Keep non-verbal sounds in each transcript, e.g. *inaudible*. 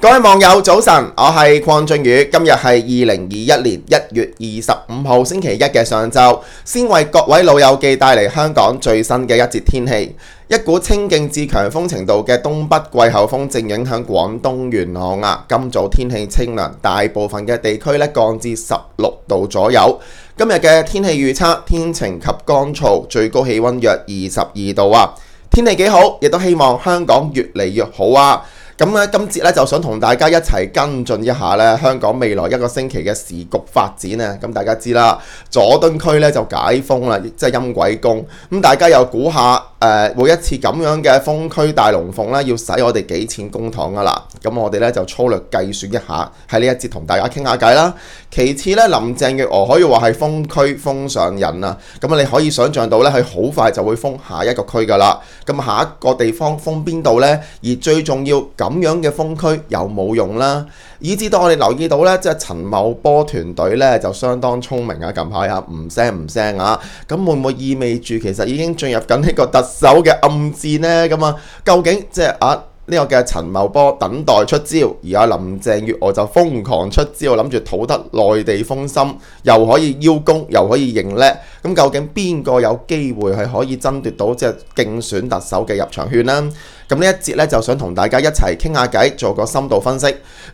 各位網友早晨，我係鄺俊宇。今日係二零二一年一月二十五號星期一嘅上晝，先為各位老友記帶嚟香港最新嘅一節天氣。一股清勁至強風程度嘅東北季候風正影響廣東沿岸啊。今早天氣清涼，大部分嘅地區呢降至十六度左右。今日嘅天氣預測天晴及乾燥，最高氣溫約二十二度啊。天氣幾好，亦都希望香港越嚟越好啊！咁咧，今節咧就想同大家一齊跟進一下咧，香港未來一個星期嘅時局發展啊！咁大家知啦，佐敦區咧就解封啦，即係陰鬼公。咁大家又估下？誒每一次咁樣嘅封區大龍鳳咧，要使我哋幾錢公帑㗎啦？咁我哋咧就粗略計算一下，喺呢一節同大家傾下偈啦。其次咧，林鄭月娥可以話係封區封上癮啦。咁你可以想像到咧，佢好快就會封下一個區㗎啦。咁下一個地方封邊度呢？而最重要咁樣嘅封區有冇用啦？以至到我哋留意到咧，即係陳茂波團隊咧就相當聰明啊！近排啊唔聲唔聲啊，咁會唔會意味住其實已經進入緊呢個特色？手嘅暗戰呢，咁、嗯、啊，究竟即係。啊？呢個嘅陳茂波等待出招，而阿林鄭月娥就瘋狂出招，我諗住討得內地風心，又可以邀功，又可以認叻。咁究竟邊個有機會係可以爭奪到隻競選特首嘅入場券呢？咁呢一節呢，就想同大家一齊傾下偈，做個深度分析。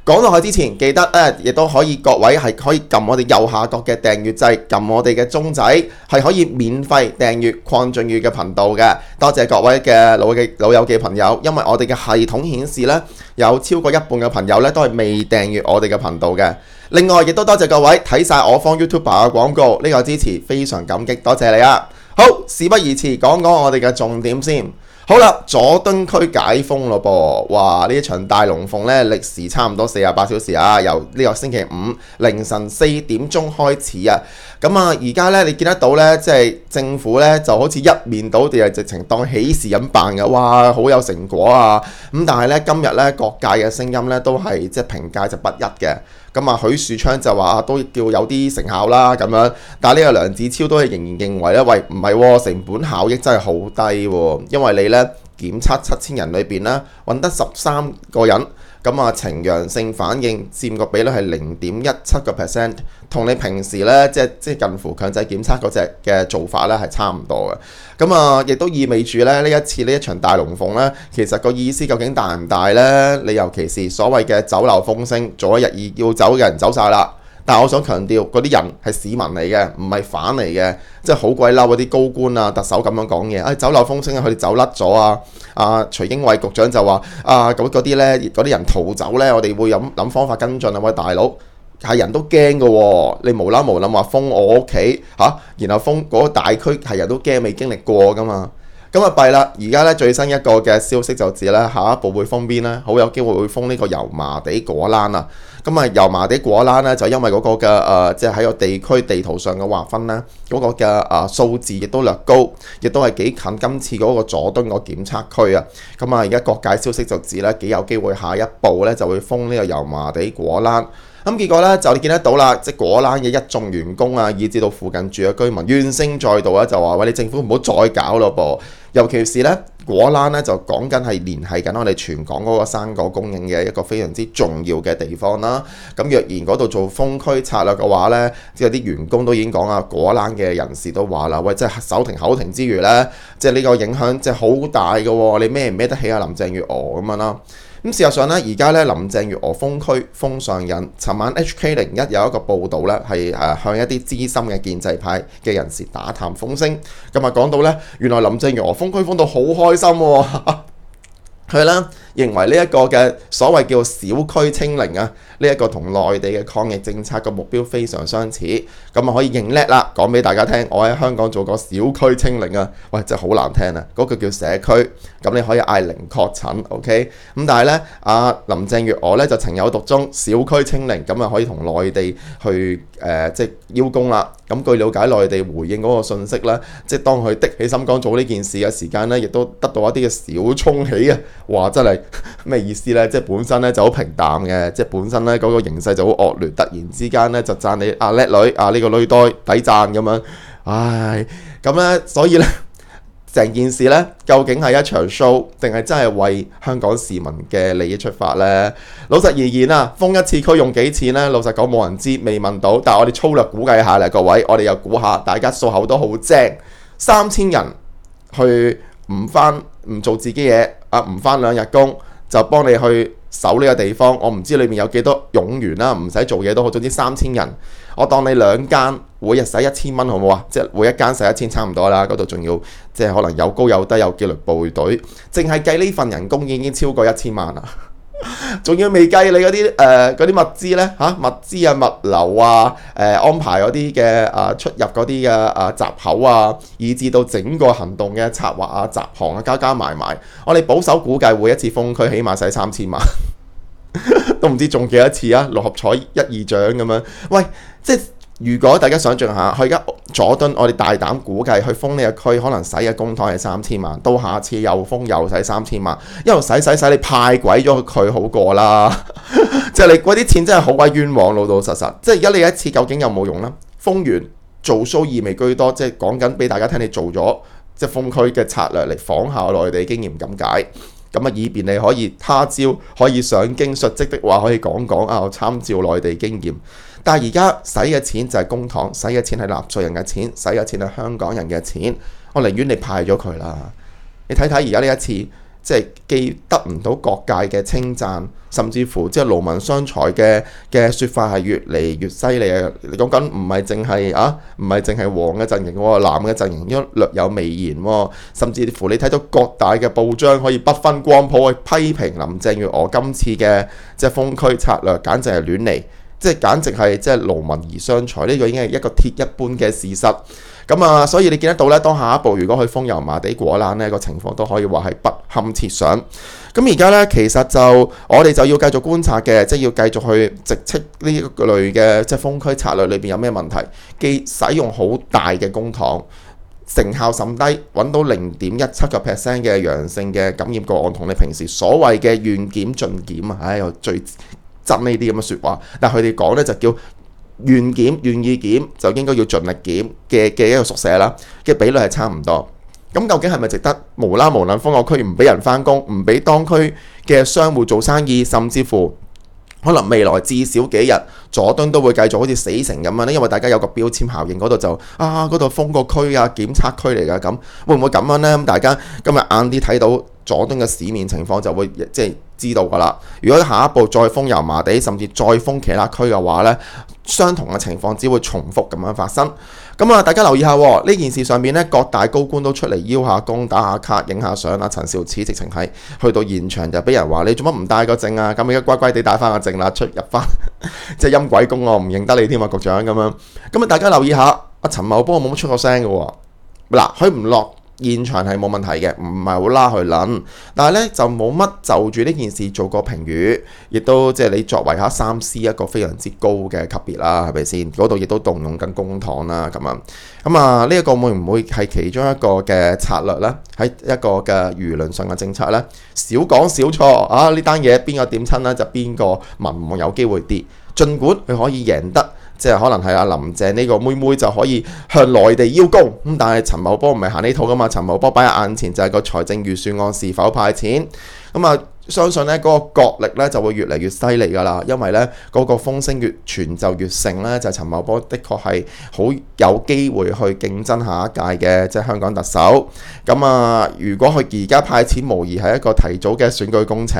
講落去之前，記得咧，亦都可以各位係可以撳我哋右下角嘅訂閱掣，撳我哋嘅鐘仔，係可以免費訂閱鄺俊宇嘅頻道嘅。多謝各位嘅老，老友記朋友，因為我哋嘅系統顯示咧，有超過一半嘅朋友咧都係未訂閱我哋嘅頻道嘅。另外亦都多謝各位睇晒我方 YouTuber 嘅廣告呢個支持，非常感激，多謝你啊！好，事不宜遲，講講我哋嘅重點先。好啦，佐敦區解封咯噃，哇！呢場大龍鳳咧，歷時差唔多四十八小時啊，由呢個星期五凌晨四點鐘開始啊，咁啊而家咧你見得到咧即係。政府咧就好似一面倒地，地係直情當喜事咁辦嘅，哇，好有成果啊！咁但係咧今日咧各界嘅聲音咧都係即係評價就不一嘅。咁啊，許樹昌就話啊，都叫有啲成效啦咁樣。但係呢個梁子超都係仍然認為咧，喂，唔係喎，成本效益真係好低喎，因為你咧。檢測七千人裏邊咧，揾得十三個人，咁啊呈陽性反應佔個比率係零點一七個 percent，同你平時咧即係即係近乎強制檢測嗰隻嘅做法咧係差唔多嘅，咁啊亦都意味住咧呢一次呢一場大龍鳳咧，其實個意思究竟大唔大咧？你尤其是所謂嘅走漏風聲，早一日要走嘅人走晒啦。但我想強調，嗰啲人係市民嚟嘅，唔係反嚟嘅，即係好鬼嬲嗰啲高官啊、特首咁樣講嘢，誒走漏風聲啊，佢哋走甩咗啊！啊，徐英偉局長就話啊，咁嗰啲呢，嗰啲人逃走呢，我哋會諗諗方法跟進啊！喂、哎，大佬係人都驚嘅喎，你無啦無諗話封我屋企嚇，然後封嗰個大區係人都驚未經歷過㗎嘛，咁啊弊啦！而家呢，最新一個嘅消息就指呢，下一步會封邊呢？好有機會會封呢個油麻地果欄啊！咁啊，油麻地果欄咧，就因為嗰個嘅誒，即係喺個地區地圖上嘅劃分啦，嗰、那個嘅誒數字亦都略高，亦都係幾近今次嗰個佐敦個檢測區啊。咁啊，而家各界消息就指咧，幾有機會下一步咧就會封呢個油麻地果欄。咁、啊、結果咧就你見得到啦，即係果欄嘅一眾員工啊，以至到附近住嘅居民怨聲載道啊，就話喂，你政府唔好再搞咯噃，尤其是咧。果欄咧就講緊係連繫緊我哋全港嗰個生果供應嘅一個非常之重要嘅地方啦。咁若然嗰度做封區策略嘅話咧，即係啲員工都已經講呀，果欄嘅人士都話啦，喂，即係手停口停之餘咧，即係呢個影響即係好大㗎喎，你孭唔孭得起啊？林鄭月娥咁樣啦。咁事實上咧，而家咧，林鄭月娥封區封上癮。尋晚 HK 零一有一個報導咧，係誒向一啲資深嘅建制派嘅人士打探風聲。今日講到咧，原來林鄭月娥封區封到好開心喎，係啦。認為呢一個嘅所謂叫小區清零啊，呢、這、一個同內地嘅抗疫政策個目標非常相似，咁啊可以認叻啦，講俾大家聽，我喺香港做個小區清零啊，喂，真係好難聽啊，嗰、那、句、個、叫社區，咁你可以嗌零確診，OK，咁但係呢，啊林鄭月娥呢，就情有獨鍾小區清零，咁啊可以同內地去誒即、呃就是、邀功啦，咁據了解內地回應嗰個信息呢，即、就、係、是、當佢的起心肝做呢件事嘅時間呢，亦都得到一啲嘅小沖喜啊，哇真係。咩意思呢？即係本身呢就好平淡嘅，即係本身呢嗰、那個形勢就好惡劣，突然之間呢，就讚你阿、啊、叻女啊呢、這個女呆，抵讚咁樣，唉，咁呢，所以呢，成件事呢，究竟係一場 show 定係真係為香港市民嘅利益出發呢？老實而言啊，封一次區用幾錢呢？老實講冇人知，未問到。但係我哋粗略估計下嚟，各位，我哋又估下，大家數口都好正，三千人去唔翻，唔做自己嘢。啊！唔返兩日工就幫你去守呢個地方，我唔知裏面有幾多冗員啦，唔使做嘢都好，總之三千人，我當你兩間，每日使一千蚊，好唔好啊？即係每一間使一千，差唔多啦。嗰度仲要即係可能有高有低，有紀律部隊，淨係計呢份人工已經超過一千萬啦。仲要未計你嗰啲誒啲物資呢，吓、啊、物資啊物流啊誒、呃、安排嗰啲嘅啊出入嗰啲嘅啊閘口啊以至到整個行動嘅策劃啊集行啊加加埋埋我哋保守估計每一次封區起碼使三千萬 *laughs* 都唔知仲幾多次啊六合彩一二獎咁樣喂即如果大家想象下，佢而家佐敦我哋大膽估計，去封你個區可能使嘅公帑係三千萬，到下次又封又使三千萬，一路使使使，你派鬼咗佢好過啦，即 *laughs* 係你嗰啲錢真係好鬼冤枉，老老實實。即係而家你一次究竟有冇用呢？封完做 show 意味居多，即係講緊俾大家聽，你做咗即係封區嘅策略嚟仿效內地經驗咁解，咁啊以便你可以他朝可以上京述職的話，可以講講啊，我參照內地經驗。但而家使嘅錢就係公帑，使嘅錢係納稅人嘅錢，使嘅錢係香港人嘅錢。我寧願你派咗佢啦。你睇睇而家呢一次，即係既得唔到各界嘅稱讚，甚至乎即係勞民傷財嘅嘅說法係越嚟越犀利。你講緊唔係淨係啊，唔係淨係黃嘅陣營喎，藍嘅陣營亦略有微言喎。甚至乎你睇到各大嘅報章可以不分光譜去批評林鄭月娥今次嘅即係封區策略，簡直係亂嚟。即係簡直係即係勞民而傷財，呢、這個已經係一個鐵一般嘅事實。咁啊，所以你見得到呢，當下一步如果去封油麻地果欄呢個情況都可以話係不堪設想。咁而家呢，其實就我哋就要繼續觀察嘅，即係要繼續去直斥呢一類嘅即係封區策略裏邊有咩問題。既使用好大嘅公帑，成效甚低，揾到零點一七個 percent 嘅陽性嘅感染個案，同你平時所謂嘅願檢盡檢啊，唉、哎、又最。真呢啲咁嘅説話，但係佢哋講呢就叫願檢願意檢，就應該要盡力檢嘅嘅一個縮寫啦，嘅比率係差唔多。咁究竟係咪值得無啦無端封個區唔俾人翻工，唔俾當區嘅商戶做生意，甚至乎可能未來至少幾日佐敦都會繼續好似死城咁樣咧，因為大家有個標籤效應，嗰度就啊，嗰度封個區啊，檢測區嚟㗎，咁會唔會咁樣呢？咁大家今日晏啲睇到。佐敦嘅市面情況就會即係知道噶啦。如果下一步再封油麻地，甚至再封其他區嘅話呢，相同嘅情況只會重複咁樣發生。咁啊，大家留意下呢件事上面呢，各大高官都出嚟邀下工、打下卡、影下相啊，陳肇始直情係去到現場就俾人話：你做乜唔帶個證啊？咁你而家乖乖地帶翻個證啦、啊，出入翻即係陰鬼公、啊、我唔認得你添啊，局長咁樣。咁啊，大家留意下阿陳茂波冇乜出過聲嘅喎。嗱，佢唔落。現場係冇問題嘅，唔係好拉去諗，但係呢，就冇乜就住呢件事做過評語，亦都即係你作為下三 C 一個非常之高嘅級別啦，係咪先？嗰度亦都動用緊公帑啦，咁啊，咁啊呢一個會唔會係其中一個嘅策略呢？喺一個嘅輿論上嘅政策呢，少講少錯啊！呢單嘢邊個點親呢？就邊個民望有機會跌，儘管佢可以贏得。即係可能係阿林鄭呢個妹妹就可以向內地邀功，咁，但係陳茂波唔係行呢套噶嘛？陳茂波擺喺眼前就係個財政預算案是否派錢咁啊？相信呢嗰個角力呢就會越嚟越犀利㗎啦，因為呢嗰個風聲越傳就越盛呢就係、是、陳茂波的確係好有機會去競爭下一屆嘅即係香港特首。咁啊，如果佢而家派錢，無疑係一個提早嘅選舉工程。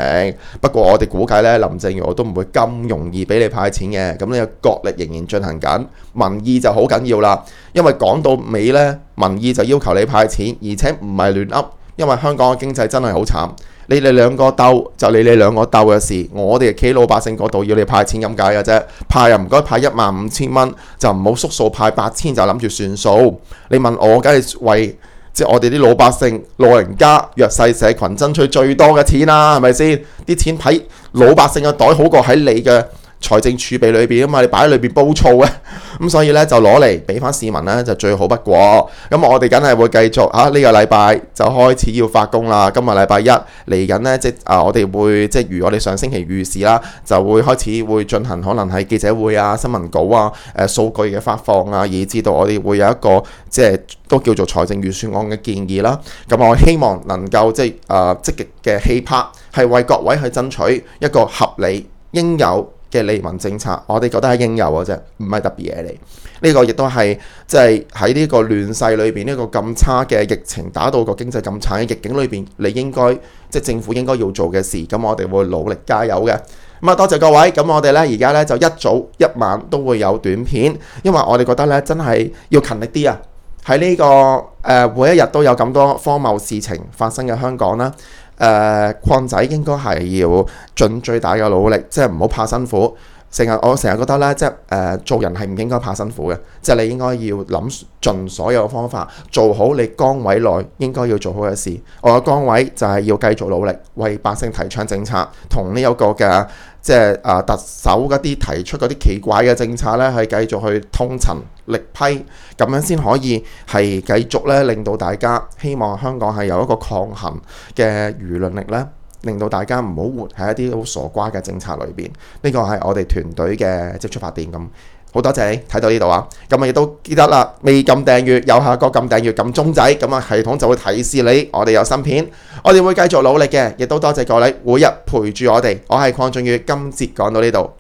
不過我哋估計呢，林鄭月娥都唔會咁容易俾你派錢嘅。咁呢個角力仍然進行緊，民意就好緊要啦。因為講到尾呢，民意就要求你派錢，而且唔係亂噏。因為香港嘅經濟真係好慘，你哋兩個鬥就你哋兩個鬥嘅事，我哋企老百姓嗰度要你派錢咁解嘅啫，派又唔該派一萬五千蚊，就唔好縮數派八千就諗住算數。你問我梗係為即係我哋啲老百姓、老人家、弱勢社群爭取最多嘅錢啦，係咪先？啲錢喺老百姓嘅袋好過喺你嘅。財政儲備裏邊啊嘛，你擺喺裏邊煲醋啊，咁 *laughs* 所以呢，就攞嚟俾翻市民呢，就最好不過。咁、嗯、我哋梗係會繼續嚇呢、啊呢個禮拜就開始要發工啦。今日禮拜一嚟緊呢，即啊我哋會即如我哋上星期預示啦，就會開始會進行可能係記者會啊、新聞稿啊、誒、啊、數據嘅發放啊，以至到我哋會有一個即都叫做財政預算案嘅建議啦。咁、嗯、我希望能夠即啊積極嘅氣魄係為各位去爭取一個合理應有嘅利民政策，我哋覺得係應有嘅啫，唔係特別嘢嚟。呢個亦都係即係喺呢個亂世裏邊，呢個咁差嘅疫情打到個經濟咁差嘅逆境裏邊，你應該即政府應該要做嘅事。咁我哋會努力加油嘅。咁啊，多謝各位。咁我哋呢而家呢，就一早一晚都會有短片，因為我哋覺得呢真係要勤力啲啊！喺呢個誒、呃，每一日都有咁多荒謬事情發生嘅香港啦。誒、呃，礦仔應該係要盡最大嘅努力，即係唔好怕辛苦。成日我成日覺得咧，即係誒、呃、做人係唔應該怕辛苦嘅，即係你應該要諗盡所有方法，做好你崗位內應該要做好嘅事。我嘅崗位就係要繼續努力，為百姓提倡政策，同呢一個嘅即係啊、呃、特首嗰啲提出嗰啲奇怪嘅政策咧，係繼續去痛陳利弊，咁樣先可以係繼續咧令到大家希望香港係有一個抗衡嘅輿論力咧。令到大家唔好活喺一啲好傻瓜嘅政策裏邊，呢個係我哋團隊嘅即出發點。咁，好多謝你睇到呢度啊，咁啊亦都記得啦，未撳訂閱，右下角撳訂閱，撳鐘仔，咁啊系統就會提示你我哋有新片，我哋會繼續努力嘅，亦都多謝各位每日陪住我哋。我係鄺俊宇今節，講到呢度。